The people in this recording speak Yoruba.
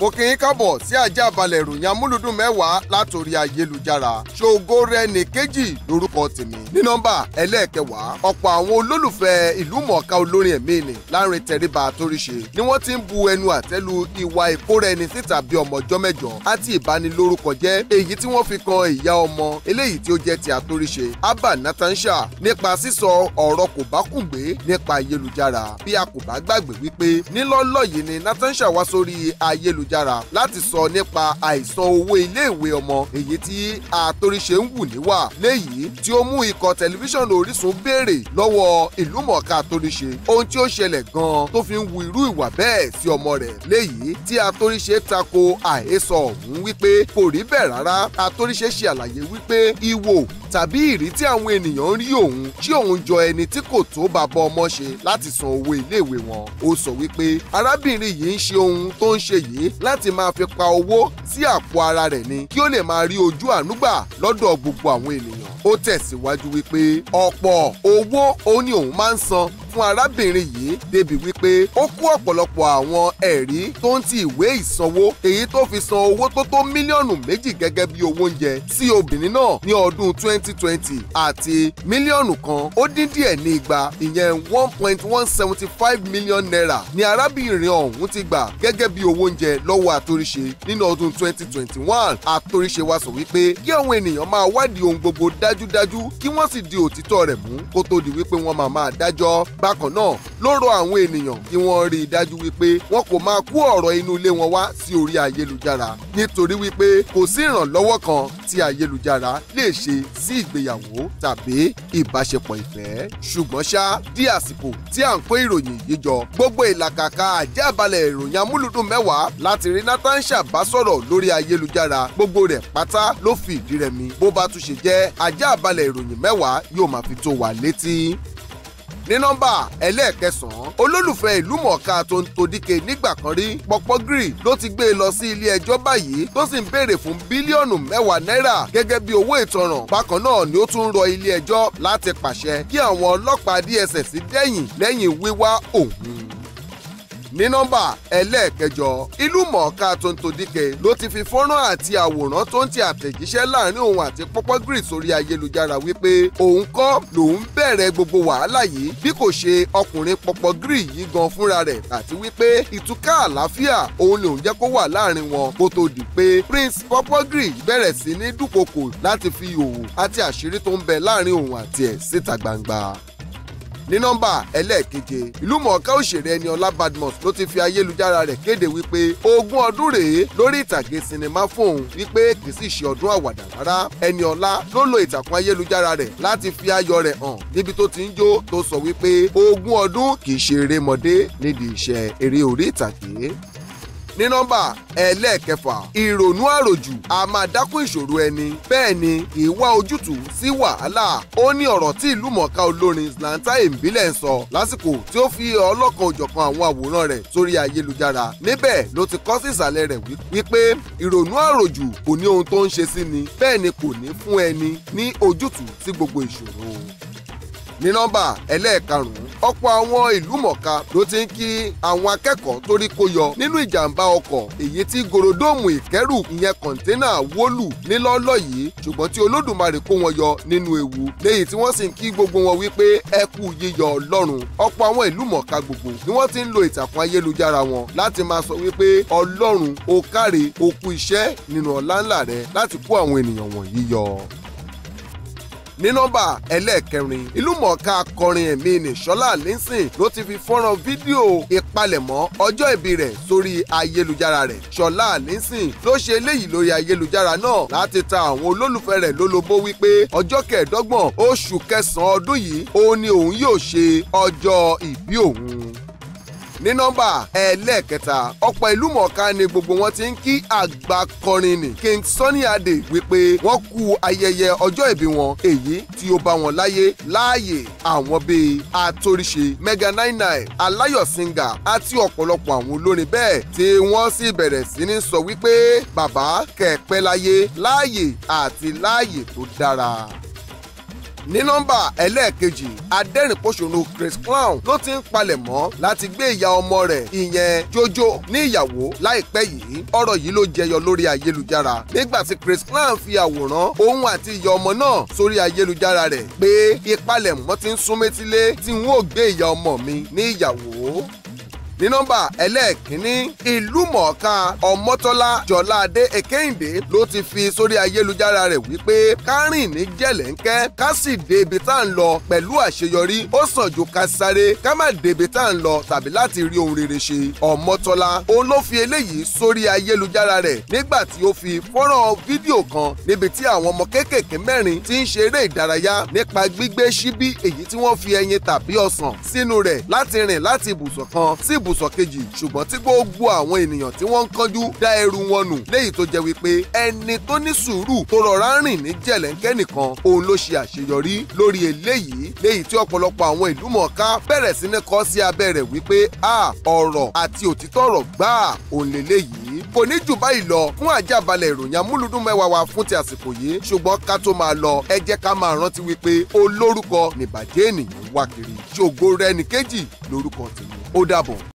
mo kì í kábọ̀ sí ajá balẹ̀ ìròyìn amúlùdùn mẹ́wàá látòrí ayélujára ṣògo rẹ ní kejì lórúkọ tèmi ní nọ́mbà ẹlẹ́ẹ̀kẹwàá ọ̀pọ̀ àwọn olólùfẹ́ ìlú mọ̀ọ́ká olórin ẹ̀mí ni láàrin tẹríba àtòríṣe ni wọ́n ti ń bu ẹnu àtẹ́lu ìwà ìkóraẹni síta bí ọmọ ọjọ́ mẹ́jọ àti ìbanilórúkọ jẹ́ èyí tí wọ́n fi kan ìyá ọmọ eléyìí tí ó jẹ́ ti àtòríṣe abba natansha nípa sísọ ọ̀rọ̀ kò bá kùngbé nípa ayélujára ayélujára láti sọ nípa àìsan owó iléèwé ọmọ èyí tí àtòríṣe ń wù níwà léyìí tí ó mú ikọ̀ tẹlifíṣàn Orísun béèrè lọ́wọ́ ìlúmọ̀ọ́ká àtòríṣe ohun tí ó ṣẹlẹ̀ gan-an tó fi ń wu irú ìwà bẹ́ẹ̀ sí ọmọ rẹ̀ léyìí tí àtòríṣe tako àhesọ ọ̀hún wípé kò rí bẹ́ẹ̀ rárá àtòríṣe ṣe àlàyé wípé ìwò tàbí ìrí tí àwọn ènìyàn ń rí òun tí òun jọ ẹni tí kò tó bàbá ọmọ ṣe láti san owó iléèwé wọn ó sọ wípé arábìnrin yìí ń ṣe ohun tó ń ṣe yìí láti máa fi pa owó sí àpò ara rẹ̀ ni kí ó lè máa rí ojú àánú gbà lọ́dọ̀ gbogbo àwọn ènìyàn ó tẹ̀síwájú wípé ọ̀pọ̀ owó òun ni òun máa ń san fún arábìnrin yìí débi wípé ó kó ọ̀pọ̀lọpọ̀ àwọn ẹ̀rí tó ń ti ìwé ìsanwó èyí tó fi san owó tó tó mílíọ̀nù méjì gẹ́gẹ́ bí owó oúnjẹ sí obìnrin náà ní ọdún 2020 àti mílíọ̀nù kan ó dín díẹ̀ ní igba ìyẹn 1.175 million naira ni arábìnrin ọ̀hún ti gbà gẹ́gẹ́ bí owó oúnjẹ lọ́wọ́ àtòrìṣe nínú ọdún 2021 àtòrìṣe wa sọ wípé kí àwọn ènìyàn máa wádìí ohun gbogbo dájúdájú kí wọ́n sì di òtítọ́ rẹ̀ mú kó tó di wípé wọ́n máa máa dájọ́ bákan náà ló rọ àwọn ènìyàn kí wọ́n rí i dájú wípé wọn kò máa kó ọ̀rọ̀ inú ilé wọn wá sí orí ayélujára nítorí wípé kò sí ìrànlọ́wọ́ kan tí ayélujára lè ṣe sí ìgbéyàwó tàbí ìbáṣepọ̀ ìfẹ́ ṣùgbọ́n ṣá di àsìkò tí à ń kó ìròyìn yìí jọ gbogbo ìlàkàkà àjàbalẹ̀ ìròyìn amúlùdùn mẹ́wàá láti rí Nathan Shaba sọ̀rọ̀ lórí ayélujára gbogbo rẹ̀ pátá ló fi ìdí rẹmi bó bá tún ṣe jẹ́ àjàbalẹ̀ ìròyìn mẹ́wàá yóò máa fi tó wa létí ní nọ́mbà ẹlẹ́ẹ̀kẹsàn-án olólùfẹ́ ìlú mọ̀ọ́ká tó ń todíke nígbà kan rí Pọ̀pọ́gìrì ló ti gbé e lọ sí ilé ẹjọ́ báyìí tó sì ń béèrè fún bílíọ̀nù mẹ́wàá náírà gẹ́gẹ́ bí owó ìtanràn bákan náà ni ó tún rọ ilé ẹjọ́ láti pàṣẹ kí àwọn ọlọ́pàá DSS dẹ́yìn lẹ́yìn wíwá òun ní nọ́mbà ẹlẹ́ẹ̀kẹjọ ìlú mọ̀ọ́ká Tonto Dike ló ti fi fọ́nrán àti àwòrán tó ń ti àtẹ̀jíṣẹ́ láàrin òun àti Pọ́pọ́ Gree sórí ayélujára wípé òun kọ́ lòun bẹ̀rẹ̀ gbogbo wàhálà yìí bí kò ṣe ọkùnrin Pọ́pọ́ Gree yìí gan fúnra rẹ̀ àti wípé ìtúká àlàáfíà òun lòun jẹ́ kó wà láàrin wọn kó tó di pé Prince Pọ́pọ́ Gree bẹ̀rẹ̀ sí ní dúkokò láti fi òwò àti àṣírí tó ń bẹ láàrin òun àti ẹ̀ síta gbangba ní nọ́mbà ẹlẹ́ẹ̀keje ìlúmọ̀ọ́ká òṣèré Ẹniọlá Badmus ló ti fi ayélujára rẹ̀ kéde wípé ogún ọdún rèé lórí ìtàgé sinimá fóun wípé kì í sì ṣe ọdún àwàdà rárá Ẹniọlá ló lo ìtàkùn ayélujára rẹ̀ láti fi ayọ̀ rẹ̀ hàn níbi tó ti ń jó tó sọ wípé ogún ọdún kì í ṣe erémọdé nídìí iṣẹ́ eré orí ìtàgé ní nọ́mbà ẹlẹ́ẹ̀kẹfà ìrònú àròjù a máa dákún ìṣòro ẹni bẹ́ẹ̀ ni ìwà ojútùú sí wàhálà ó ní ọ̀rọ̀ tí ìlú mọ̀ọ́ká olórin Zlatan Ìbílẹ̀ ń sọ lásìkò tí ó fi ọlọ́kan òjọ̀kan àwọn àwòrán rẹ̀ sórí ayélujára níbẹ̀ ló ti kọ sí ìsàlẹ̀ rẹ̀ wípé ìrònú àròjù kò ní ohun tó ń ṣe sí ni bẹ́ẹ̀ ni kò ní fún ẹni ní ojútùú sí gbogbo ìṣòro ní nọ́mbà ẹlẹ́ẹ̀karùn-ún ọ̀pọ̀ àwọn ìlú mọ̀ọ́ká ló ti ń kí àwọn akẹ́kọ̀ọ́ torí kó yọ nínú ìjàmbá ọkọ̀ èyí tí gòròdóòmù ìkẹ́rù ìyẹn kọ̀ńténà wólù nílọ́lọ́ yìí ṣùgbọ́n tí olódùmarè kó wọn yọ nínú ewu léyìí tí wọ́n sì ń kí gbogbo wọn wípé ẹ kú yíyọ ọlọ́run ọ̀pọ̀ àwọn ìlú mọ̀ọ́ká gbogbo ni wọ́n ti ń lo ìtàkùn ayélujára wọn láti máa sọ wípé ọlọ́run ó káre ó iṣẹ́ nínú ọ̀la ní nọ́mbà ẹlẹ́ẹ̀kẹrin ìlúmọ̀ọ́ká akọrin ẹ̀mí ni Ṣọlá Allyson ló ti fi fọ́nrán fídíò ìpalẹ̀mọ́ ọjọ́ ìbí rẹ̀ sórí ayélujára rẹ̀ Ṣọlá Allyson ló ṣe eléyìí lórí ayélujára náà láti ta àwọn olólùfẹ́ rẹ̀ lólobó wípé ọjọ́ kẹẹ̀ẹ́dọ́gbọ̀n oṣù kẹsàn-án ọdún yìí òun ni òun yóò ṣe ọjọ́ ìbí òun ní nọ́mbà ẹlẹ́ẹ̀kẹta ọ̀pọ̀ ìlú mọ̀ọ́ká ni gbogbo wọn ti ń kí àgbà kọrin ni King Sunny Adé wípé wọ́n kú ayẹyẹ ọjọ́ ìbí wọn èyí tí ó bá wọn láyé láàyè àwọn bíi Àtòrìṣe Mega 99 Aláyọ̀ Singer àti ọ̀pọ̀lọpọ̀ àwọn olórin bẹ́ẹ̀ tí wọ́n sì bẹ̀rẹ̀ sí ní sọ wípé bàbá kẹ̀pẹ́ láyé láàyè àti láàyè tó dára ní nọ́mbà ẹlẹ́ẹ̀kejì adẹ́rìnpòṣónú Chris Clown ló ti ń palẹ̀ mọ́ láti gbé ìyá ọmọ rẹ̀ ìyẹn Jojo ní ìyàwó láìpẹ́ yìí ọ̀rọ̀ yìí ló jẹyọ lórí ayélujára nígbà tí Chris Clown fi àwòrán òun àti ìyá ọmọ náà sórí ayélujára rẹ̀ pé ìpalẹ̀mọ́ ti ń sún métílé tí n ó gbé ìyá ọmọ mi ní ìyàwó ní nọ́mbà ẹlẹ́ẹ̀kínní ìlú mọ̀ọ́ká ọmọ́tọ́lá jọ̀ládé èkéyìndé ló ti fi sórí ayélujára rẹ̀ wípé kárìn ní jẹ̀lẹ́ńkẹ́ ká sì débi tá à ń lọ pẹ̀lú àṣeyọrí ó sàn ju ká sáré ká má débi tá à ń lọ tàbí láti rí ohun rere ṣe ọmọ́tọ́lá òun ló fi eléyìí sórí ayélujára rẹ̀ nígbà tí ó fi fọ́nrán fídíò kan níbi tí àwọn ọmọ kéékèèké mẹ́rin ti ń ṣe eré ìdárayá nípa gbígbé ṣíbí èyí tí wọ́n fi ibùsọ̀ kejì ṣùgbọ́n tí gbogbo àwọn ènìyàn tí wọ́n ń kánjú dá ẹrù wọn nù léyìí tó jẹ́ wípé ẹni tó ní sùúrù tó rọra ń rìn ní jẹ̀lẹ́ńkẹ́ nìkan òun ló ṣe àṣeyọrí lórí eléyìí léyìí tí ọ̀pọ̀lọpọ̀ àwọn ìlú mọ̀ọ́ká bẹ̀rẹ̀ sí ní kọ́ sí abẹ́ rẹ̀ wípé a ọ̀rọ̀ àti òtítọ́ ọ̀rọ̀ gbáà òun lélẹ́yìí kò ní jù báyìí lọ fún àjàbalẹ̀ ìròyìn amúlùdùn mẹ́wàá wa fún ti àsìkò yìí ṣùgbọ́n ká tó máa lọ ẹ jẹ́ ká máa rántí wípé olórúkọ nìbàjẹ́ ènìyàn wá kiri ṣògo rẹ̀ nìkejì lórúkọ tèmi ó dàbọ̀.